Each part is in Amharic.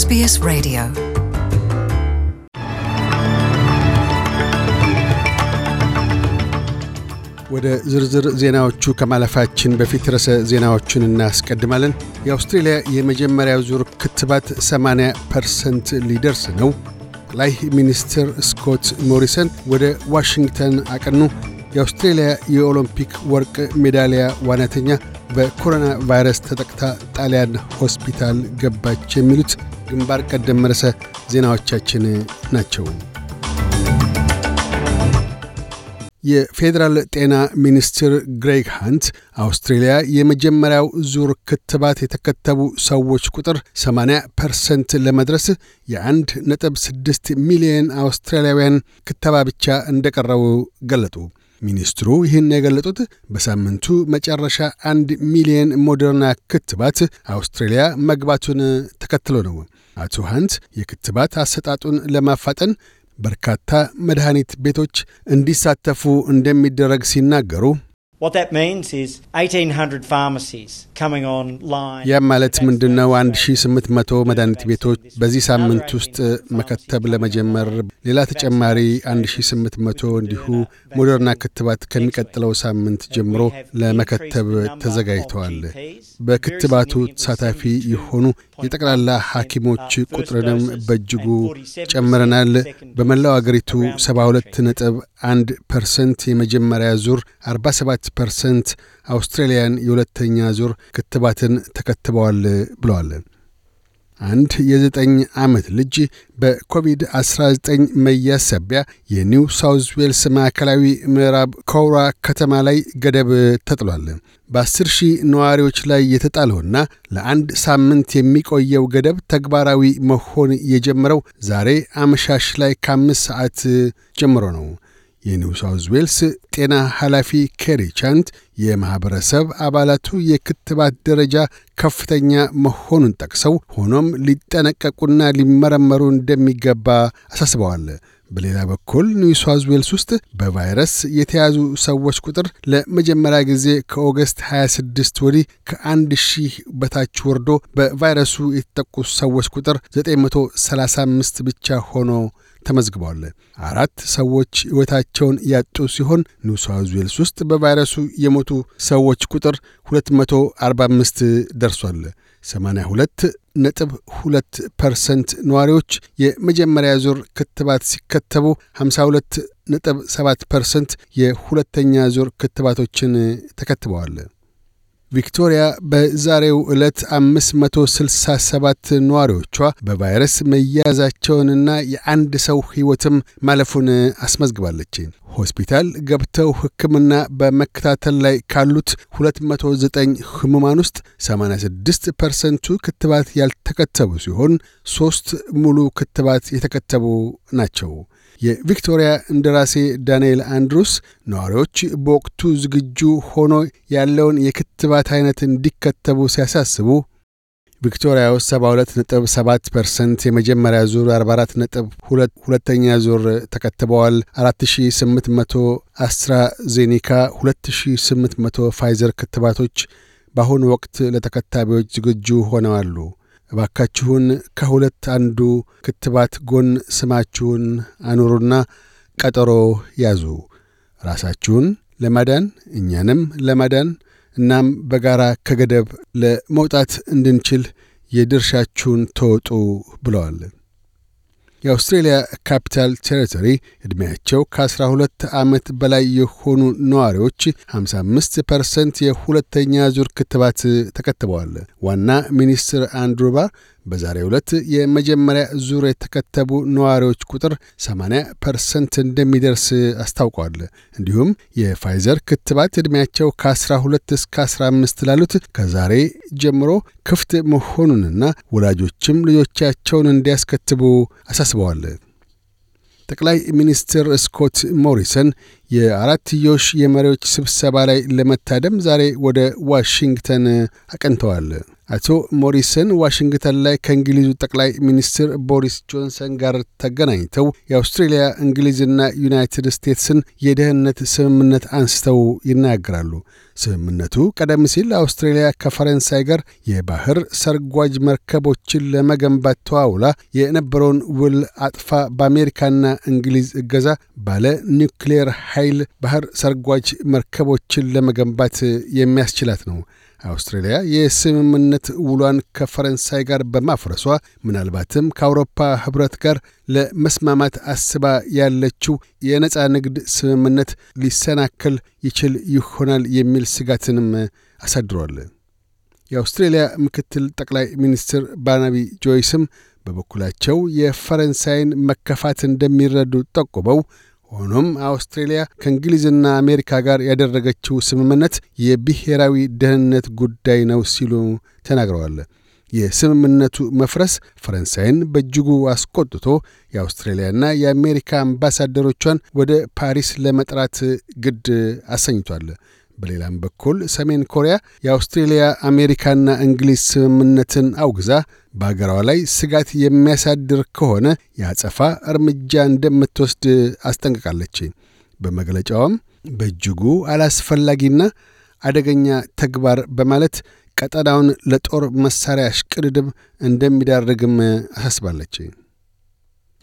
SBS Radio. ወደ ዝርዝር ዜናዎቹ ከማለፋችን በፊት ርዕሰ ዜናዎቹን እናስቀድማለን። የአውስትሬልያ የመጀመሪያ ዙር ክትባት 80 ፐርሰንት ሊደርስ ነው። ጠቅላይ ሚኒስትር ስኮት ሞሪሰን ወደ ዋሽንግተን አቀኑ። የአውስትሬልያ የኦሎምፒክ ወርቅ ሜዳሊያ ዋናተኛ በኮሮና ቫይረስ ተጠቅታ ጣሊያን ሆስፒታል ገባች። የሚሉት ግንባር ቀደም ርዕሰ ዜናዎቻችን ናቸው። የፌዴራል ጤና ሚኒስትር ግሬግ ሃንት አውስትሬልያ የመጀመሪያው ዙር ክትባት የተከተቡ ሰዎች ቁጥር 80 ፐርሰንት ለመድረስ የአንድ ነጥብ ስድስት ሚሊዮን አውስትራሊያውያን ክትባ ብቻ እንደቀረቡ ገለጡ። ሚኒስትሩ ይህን የገለጡት በሳምንቱ መጨረሻ አንድ ሚሊዮን ሞደርና ክትባት አውስትሬልያ መግባቱን ተከትሎ ነው። አቶ ሃንስ የክትባት አሰጣጡን ለማፋጠን በርካታ መድኃኒት ቤቶች እንዲሳተፉ እንደሚደረግ ሲናገሩ ያ ማለት ምንድን ነው? 1800 መድኃኒት ቤቶች በዚህ ሳምንት ውስጥ መከተብ ለመጀመር ሌላ ተጨማሪ 1800 እንዲሁ ሞደርና ክትባት ከሚቀጥለው ሳምንት ጀምሮ ለመከተብ ተዘጋጅተዋል። በክትባቱ ተሳታፊ የሆኑ የጠቅላላ ሐኪሞች ቁጥርንም በእጅጉ ጨምረናል። በመላው አገሪቱ 72 ነጥብ 1 ፐርሰንት የመጀመሪያ ዙር፣ 47 ፐርሰንት አውስትራሊያን የሁለተኛ ዙር ክትባትን ተከትበዋል ብለዋል። አንድ የዘጠኝ ዓመት ልጅ በኮቪድ-19 መያዝ የኒው ሳውዝ ዌልስ ማዕከላዊ ምዕራብ ኮውራ ከተማ ላይ ገደብ ተጥሏል። በአስር ሺህ ነዋሪዎች ላይ የተጣለውና ለአንድ ሳምንት የሚቆየው ገደብ ተግባራዊ መሆን የጀመረው ዛሬ አመሻሽ ላይ ከአምስት ሰዓት ጀምሮ ነው። የኒው ሳውዝ ዌልስ ጤና ኃላፊ ኬሪ ቻንት የማኅበረሰብ አባላቱ የክትባት ደረጃ ከፍተኛ መሆኑን ጠቅሰው ሆኖም ሊጠነቀቁና ሊመረመሩ እንደሚገባ አሳስበዋል። በሌላ በኩል ኒው ሳውዝ ዌልስ ውስጥ በቫይረስ የተያዙ ሰዎች ቁጥር ለመጀመሪያ ጊዜ ከኦገስት 26 ወዲህ ከአንድ ሺህ በታች ወርዶ በቫይረሱ የተጠቁ ሰዎች ቁጥር 935 ብቻ ሆኖ ተመዝግበዋል። አራት ሰዎች ሕይወታቸውን ያጡ ሲሆን ኒው ሳውዝ ዌልስ ውስጥ በቫይረሱ የሞቱ ሰዎች ቁጥር 245 ደርሷል። 82 ነጥብ ሁለት ፐርሰንት ነዋሪዎች የመጀመሪያ ዙር ክትባት ሲከተቡ 52 ነጥብ 7 ፐርሰንት የሁለተኛ ዙር ክትባቶችን ተከትበዋል። ቪክቶሪያ በዛሬው ዕለት 567 ነዋሪዎቿ በቫይረስ መያዛቸውንና የአንድ ሰው ሕይወትም ማለፉን አስመዝግባለች። ሆስፒታል ገብተው ሕክምና በመከታተል ላይ ካሉት 209 ህሙማን ውስጥ 86 ፐርሰንቱ ክትባት ያልተከተቡ ሲሆን ሦስት ሙሉ ክትባት የተከተቡ ናቸው። የቪክቶሪያ እንደራሴ ዳንኤል አንድሩስ ነዋሪዎች በወቅቱ ዝግጁ ሆኖ ያለውን የክትባት አይነት እንዲከተቡ ሲያሳስቡ ቪክቶሪያ ውስጥ 72.7 ፐርሰንት የመጀመሪያ ዙር 44.2 ሁለተኛ ዙር ተከትበዋል። 4800 አስትራዜኒካ፣ 2800 ፋይዘር ክትባቶች በአሁኑ ወቅት ለተከታቢዎች ዝግጁ ሆነዋሉ። እባካችሁን ከሁለት አንዱ ክትባት ጎን ስማችሁን አኑሩና ቀጠሮ ያዙ። ራሳችሁን ለማዳን እኛንም ለማዳን እናም በጋራ ከገደብ ለመውጣት እንድንችል የድርሻችሁን ተወጡ ብለዋል። የአውስትሬልያ ካፒታል ቴሪቶሪ ዕድሜያቸው ከ12 ዓመት በላይ የሆኑ ነዋሪዎች 55 ፐርሰንት የሁለተኛ ዙር ክትባት ተከትበዋል። ዋና ሚኒስትር አንድሩ ባር በዛሬው ዕለት የመጀመሪያ ዙር የተከተቡ ነዋሪዎች ቁጥር 80 ፐርሰንት እንደሚደርስ አስታውቋል። እንዲሁም የፋይዘር ክትባት ዕድሜያቸው ከ12 እስከ 15 ላሉት ከዛሬ ጀምሮ ክፍት መሆኑንና ወላጆችም ልጆቻቸውን እንዲያስከትቡ አሳስበዋል። ጠቅላይ ሚኒስትር ስኮት ሞሪሰን የአራትዮሽ የመሪዎች ስብሰባ ላይ ለመታደም ዛሬ ወደ ዋሽንግተን አቀንተዋል። አቶ ሞሪሰን ዋሽንግተን ላይ ከእንግሊዙ ጠቅላይ ሚኒስትር ቦሪስ ጆንሰን ጋር ተገናኝተው የአውስትሬልያ እንግሊዝና ዩናይትድ ስቴትስን የደህንነት ስምምነት አንስተው ይናገራሉ። ስምምነቱ ቀደም ሲል አውስትሬልያ ከፈረንሳይ ጋር የባህር ሰርጓጅ መርከቦችን ለመገንባት ተዋውላ የነበረውን ውል አጥፋ በአሜሪካና እንግሊዝ እገዛ ባለ ኒውክሌር ኃይል ባህር ሰርጓጅ መርከቦችን ለመገንባት የሚያስችላት ነው። አውስትራሊያ የስምምነት ውሏን ከፈረንሳይ ጋር በማፍረሷ ምናልባትም ከአውሮፓ ህብረት ጋር ለመስማማት አስባ ያለችው የነፃ ንግድ ስምምነት ሊሰናከል ይችል ይሆናል የሚል ስጋትንም አሳድሯል። የአውስትሬልያ ምክትል ጠቅላይ ሚኒስትር ባናቢ ጆይስም በበኩላቸው የፈረንሳይን መከፋት እንደሚረዱ ጠቁመው ሆኖም አውስትሬልያ ከእንግሊዝና አሜሪካ ጋር ያደረገችው ስምምነት የብሔራዊ ደህንነት ጉዳይ ነው ሲሉ ተናግረዋል። የስምምነቱ መፍረስ ፈረንሳይን በእጅጉ አስቆጥቶ የአውስትሬልያና የአሜሪካ አምባሳደሮቿን ወደ ፓሪስ ለመጥራት ግድ አሰኝቷል። በሌላም በኩል ሰሜን ኮሪያ የአውስትሬልያ አሜሪካና እንግሊዝ ስምምነትን አውግዛ በአገሯ ላይ ስጋት የሚያሳድር ከሆነ የአጸፋ እርምጃ እንደምትወስድ አስጠንቅቃለች። በመግለጫውም በእጅጉ አላስፈላጊና አደገኛ ተግባር በማለት ቀጠናውን ለጦር መሳሪያ ሽቅድድም እንደሚዳርግም አሳስባለች።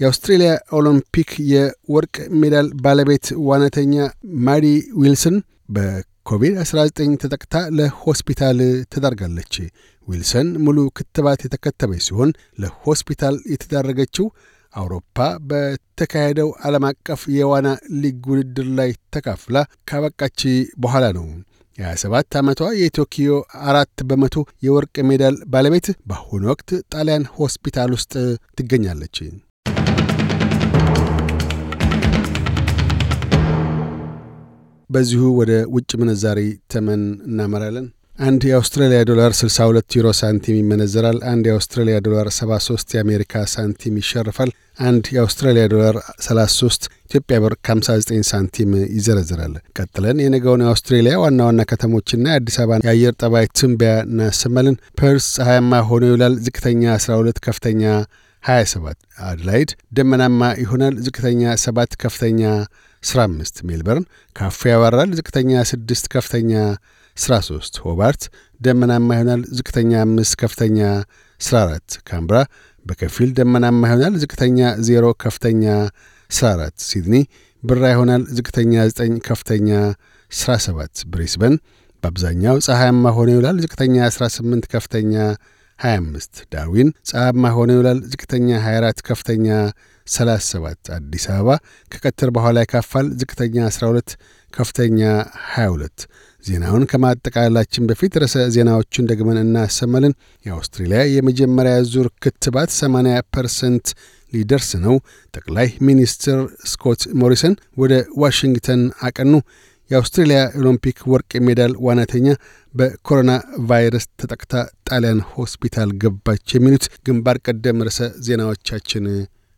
የአውስትሬልያ ኦሎምፒክ የወርቅ ሜዳል ባለቤት ዋናተኛ ማዲ ዊልሰን በ ኮቪድ-19 ተጠቅታ ለሆስፒታል ተዳርጋለች። ዊልሰን ሙሉ ክትባት የተከተበች ሲሆን ለሆስፒታል የተዳረገችው አውሮፓ በተካሄደው ዓለም አቀፍ የዋና ሊግ ውድድር ላይ ተካፍላ ካበቃች በኋላ ነው። የ27 ዓመቷ የቶኪዮ አራት በመቶ የወርቅ ሜዳል ባለቤት በአሁኑ ወቅት ጣሊያን ሆስፒታል ውስጥ ትገኛለች። በዚሁ ወደ ውጭ ምንዛሪ ተመን እናመራለን። አንድ የአውስትራሊያ ዶላር 62 ዩሮ ሳንቲም ይመነዘራል። አንድ የአውስትራሊያ ዶላር 73 የአሜሪካ ሳንቲም ይሸርፋል። አንድ የአውስትራሊያ ዶላር 33 ኢትዮጵያ ብር 59 ሳንቲም ይዘረዝራል። ቀጥለን የነገውን የአውስትሬሊያ ዋና ዋና ከተሞችና የአዲስ አበባ የአየር ጠባይ ትንበያ እናሰማለን። ፐርስ ፀሐያማ ሆኖ ይውላል። ዝቅተኛ 12፣ ከፍተኛ 27። አድላይድ ደመናማ ይሆናል። ዝቅተኛ 7፣ ከፍተኛ 15 ሜልበርን ካፉ ያባራል። ዝቅተኛ 6 ከፍተኛ 13 ሆባርት ደመናማ ይሆናል። ዝቅተኛ 5 ከፍተኛ 14 ካምብራ በከፊል ደመናማ ይሆናል። ዝቅተኛ 0 ከፍተኛ 14 ሲድኒ ብራ ይሆናል። ዝቅተኛ 9 ከፍተኛ 17 ብሪስበን በአብዛኛው ፀሐያማ ሆኖ ይውላል። ዝቅተኛ 18 ከፍተኛ 25 ዳርዊን ፀሐያማ ሆኖ ይውላል። ዝቅተኛ 24 ከፍተኛ 37 አዲስ አበባ ከቀትር በኋላ ይካፋል። ዝቅተኛ 12 ከፍተኛ 22። ዜናውን ከማጠቃላችን በፊት ርዕሰ ዜናዎቹን ደግመን እናሰማልን። የአውስትሬልያ የመጀመሪያ ዙር ክትባት 80 ፐርሰንት ሊደርስ ነው። ጠቅላይ ሚኒስትር ስኮት ሞሪሰን ወደ ዋሽንግተን አቀኑ። የአውስትሬልያ ኦሎምፒክ ወርቅ ሜዳል ዋናተኛ በኮሮና ቫይረስ ተጠቅታ ጣሊያን ሆስፒታል ገባች። የሚሉት ግንባር ቀደም ርዕሰ ዜናዎቻችን